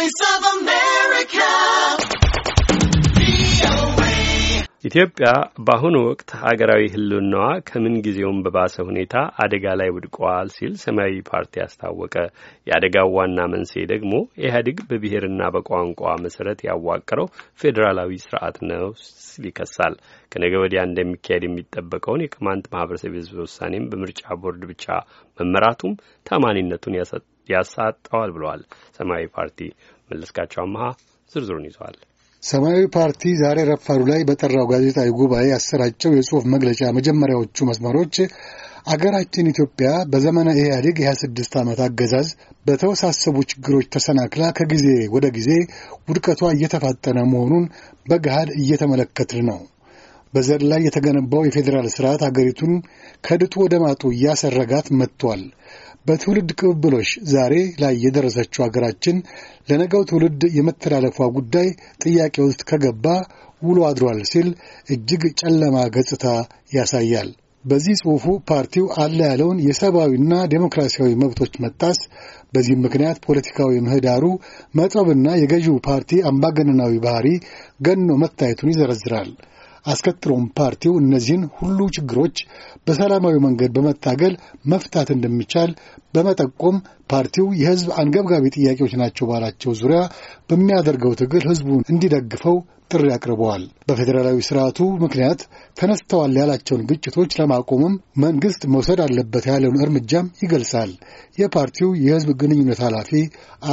Voice of America. ኢትዮጵያ በአሁኑ ወቅት ሀገራዊ ህልናዋ ከምን ጊዜውም በባሰ ሁኔታ አደጋ ላይ ውድቋል ሲል ሰማያዊ ፓርቲ አስታወቀ። የአደጋው ዋና መንስኤ ደግሞ ኢህአዴግ በብሔርና በቋንቋ መሰረት ያዋቀረው ፌዴራላዊ ስርዓት ነው ሲል ይከሳል። ከነገ ወዲያ እንደሚካሄድ የሚጠበቀውን የቅማንት ማህበረሰብ የህዝብ ውሳኔም በምርጫ ቦርድ ብቻ መመራቱም ታማኒነቱን ያሳጠዋል ብለዋል ሰማያዊ ፓርቲ። መለስካቸው አመሃ ዝርዝሩን ይዘዋል። ሰማያዊ ፓርቲ ዛሬ ረፋዱ ላይ በጠራው ጋዜጣዊ ጉባኤ ያሰራጨው የጽሑፍ መግለጫ መጀመሪያዎቹ መስመሮች አገራችን ኢትዮጵያ በዘመነ ኢህአዴግ የ26 ዓመት አገዛዝ በተወሳሰቡ ችግሮች ተሰናክላ ከጊዜ ወደ ጊዜ ውድቀቷ እየተፋጠነ መሆኑን በገሃድ እየተመለከትን ነው። በዘር ላይ የተገነባው የፌዴራል ስርዓት አገሪቱን ከድጡ ወደ ማጡ እያሰረጋት መጥቷል። በትውልድ ቅብብሎች ዛሬ ላይ የደረሰችው አገራችን ለነገው ትውልድ የመተላለፏ ጉዳይ ጥያቄ ውስጥ ከገባ ውሎ አድሯል ሲል እጅግ ጨለማ ገጽታ ያሳያል። በዚህ ጽሑፉ ፓርቲው አለ ያለውን የሰብአዊና ዴሞክራሲያዊ መብቶች መጣስ፣ በዚህም ምክንያት ፖለቲካዊ ምህዳሩ መጥበብና የገዢው ፓርቲ አምባገነናዊ ባህሪ ገኖ መታየቱን ይዘረዝራል። አስከትሎም ፓርቲው እነዚህን ሁሉ ችግሮች በሰላማዊ መንገድ በመታገል መፍታት እንደሚቻል በመጠቆም ፓርቲው የህዝብ አንገብጋቢ ጥያቄዎች ናቸው ባላቸው ዙሪያ በሚያደርገው ትግል ህዝቡን እንዲደግፈው ጥሪ አቅርበዋል። በፌዴራላዊ ስርዓቱ ምክንያት ተነስተዋል ያላቸውን ግጭቶች ለማቆምም መንግስት መውሰድ አለበት ያለውን እርምጃም ይገልጻል። የፓርቲው የህዝብ ግንኙነት ኃላፊ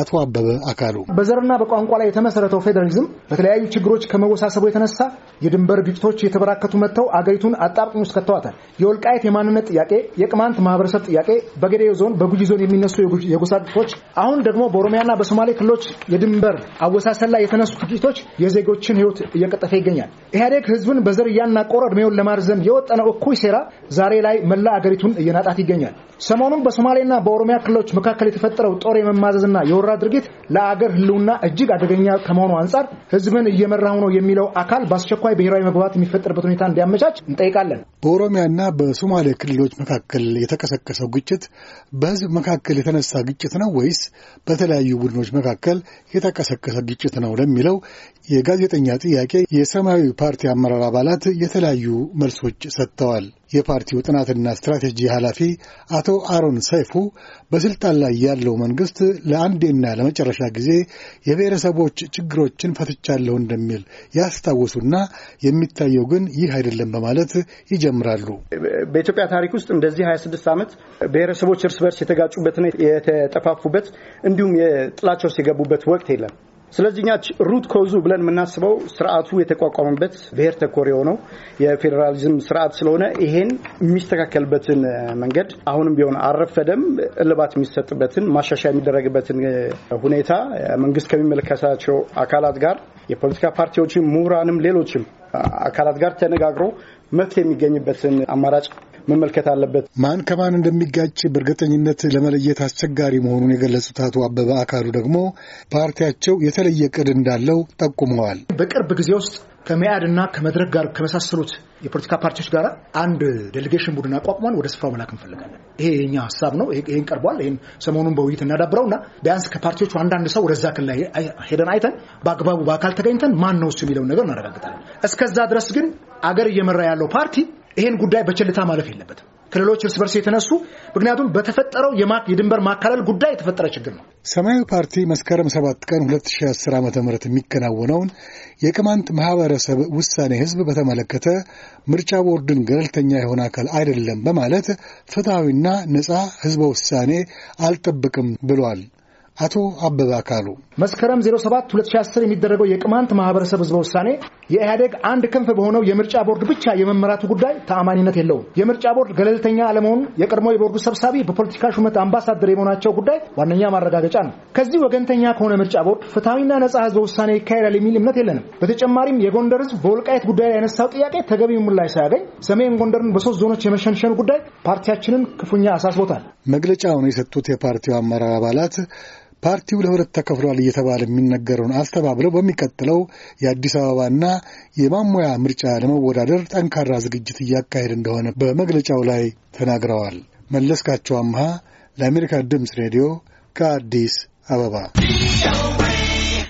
አቶ አበበ አካሉ በዘርና በቋንቋ ላይ የተመሰረተው ፌዴራሊዝም በተለያዩ ችግሮች ከመወሳሰቡ የተነሳ የድንበር ግጭቶች የተበራከቱ መጥተው አገሪቱን አጣብቂኝ ውስጥ ከተዋታል። የወልቃየት የማንነት ጥያቄ፣ የቅማንት ማህበረሰብ ጥያቄ፣ በጌዴዮ ዞን በጉጂ ዞን የሚነሱ የጎሳ ግጭቶች፣ አሁን ደግሞ በኦሮሚያና በሶማሌ ክልሎች የድንበር አወሳሰል ላይ የተነሱ ግጭቶች የዜጎችን ህይወት እየቀጠፈ ይገኛል። ኢህአዴግ ህዝብን በዘር እያናቆረ እድሜውን ለማርዘም የወጠነው እኩይ ሴራ ዛሬ ላይ መላ አገሪቱን እየናጣት ይገኛል። ሰሞኑን በሶማሌና በኦሮሚያ ክልሎች መካከል የተፈጠረው ጦር የመማዘዝና የወራ ድርጊት ለአገር ህልውና እጅግ አደገኛ ከመሆኑ አንጻር ህዝብን እየመራሁ ነው የሚለው አካል በአስቸኳይ ብሔራዊ መግባባት የሚፈጠርበት ሁኔታ እንዲያመቻች እንጠይቃለን። በኦሮሚያና በሶማሌ ክልሎች መካከል የተቀሰቀሰው ግጭት በ በሕዝብ መካከል የተነሳ ግጭት ነው ወይስ በተለያዩ ቡድኖች መካከል የተቀሰቀሰ ግጭት ነው ለሚለው የጋዜጠኛ ጥያቄ የሰማያዊ ፓርቲ አመራር አባላት የተለያዩ መልሶች ሰጥተዋል። የፓርቲው ጥናትና ስትራቴጂ ኃላፊ አቶ አሮን ሰይፉ በስልጣን ላይ ያለው መንግስት ለአንዴና ለመጨረሻ ጊዜ የብሔረሰቦች ችግሮችን ፈትቻለሁ እንደሚል ያስታውሱና የሚታየው ግን ይህ አይደለም በማለት ይጀምራሉ። በኢትዮጵያ ታሪክ ውስጥ እንደዚህ 26 ዓመት ብሔረሰቦች እርስ በርስ የተጋጩበትና የተጠፋፉበት እንዲሁም የጥላቸው የገቡበት ወቅት የለም። ስለዚህ ሩት ኮዙ ብለን የምናስበው ስርዓቱ የተቋቋመበት ብሔር ተኮር የሆነው የፌዴራሊዝም ስርዓት ስለሆነ ይሄን የሚስተካከልበትን መንገድ አሁንም ቢሆን አልረፈደም። እልባት የሚሰጥበትን ማሻሻያ የሚደረግበትን ሁኔታ መንግስት ከሚመለከታቸው አካላት ጋር የፖለቲካ ፓርቲዎችም፣ ምሁራንም፣ ሌሎችም አካላት ጋር ተነጋግሮ መፍትሄ የሚገኝበትን አማራጭ መመልከት አለበት። ማን ከማን እንደሚጋጭ በእርግጠኝነት ለመለየት አስቸጋሪ መሆኑን የገለጹት አቶ አበበ አካሉ ደግሞ ፓርቲያቸው የተለየ ቅድ እንዳለው ጠቁመዋል። በቅርብ ጊዜ ውስጥ ከመያድ እና ከመድረክ ጋር ከመሳሰሉት የፖለቲካ ፓርቲዎች ጋር አንድ ዴሌጌሽን ቡድን አቋቁመን ወደ ስፍራው መላክ እንፈልጋለን። ይሄ የኛ ሀሳብ ነው። ይሄን ቀርቧል። ይህን ሰሞኑን በውይይት እናዳብረው እና ቢያንስ ከፓርቲዎቹ አንዳንድ ሰው ወደዛ ክልል ሄደን አይተን በአግባቡ በአካል ተገኝተን ማን ነው እሱ የሚለውን ነገር እናረጋግጣለን። እስከዛ ድረስ ግን አገር እየመራ ያለው ፓርቲ ይህን ጉዳይ በቸልታ ማለፍ የለበትም። ክልሎች እርስ በርስ የተነሱ ምክንያቱም በተፈጠረው የድንበር ማካለል ጉዳይ የተፈጠረ ችግር ነው። ሰማያዊ ፓርቲ መስከረም 7 ቀን 2010 ዓ ም የሚከናወነውን የቅማንት ማህበረሰብ ውሳኔ ህዝብ በተመለከተ ምርጫ ቦርድን ገለልተኛ የሆነ አካል አይደለም በማለት ፍትሐዊና ነፃ ህዝበ ውሳኔ አልጠብቅም ብሏል። አቶ አበበ አካሉ መስከረም 07 2010 የሚደረገው የቅማንት ማህበረሰብ ህዝበ ውሳኔ የኢህአዴግ አንድ ክንፍ በሆነው የምርጫ ቦርድ ብቻ የመመራቱ ጉዳይ ተአማኒነት የለውም። የምርጫ ቦርድ ገለልተኛ አለመሆኑ የቀድሞ የቦርዱ ሰብሳቢ በፖለቲካ ሹመት አምባሳደር የመሆናቸው ጉዳይ ዋነኛ ማረጋገጫ ነው። ከዚህ ወገንተኛ ከሆነ ምርጫ ቦርድ ፍትሐዊና ነጻ ህዝበ ውሳኔ ይካሄዳል የሚል እምነት የለንም። በተጨማሪም የጎንደር ህዝብ በወልቃየት ጉዳይ ላይ ያነሳው ጥያቄ ተገቢ ምላሽ ሳያገኝ ሰሜን ጎንደርን በሶስት ዞኖች የመሸንሸኑ ጉዳይ ፓርቲያችንን ክፉኛ አሳስቦታል። መግለጫውን የሰጡት የፓርቲው አመራር አባላት ፓርቲው ለሁለት ተከፍሏል እየተባለ የሚነገረውን አስተባብለው በሚቀጥለው የአዲስ አበባና የማሞያ ምርጫ ለመወዳደር ጠንካራ ዝግጅት እያካሄደ እንደሆነ በመግለጫው ላይ ተናግረዋል። መለስካቸው አምሃ ለአሜሪካ ድምፅ ሬዲዮ ከአዲስ አበባ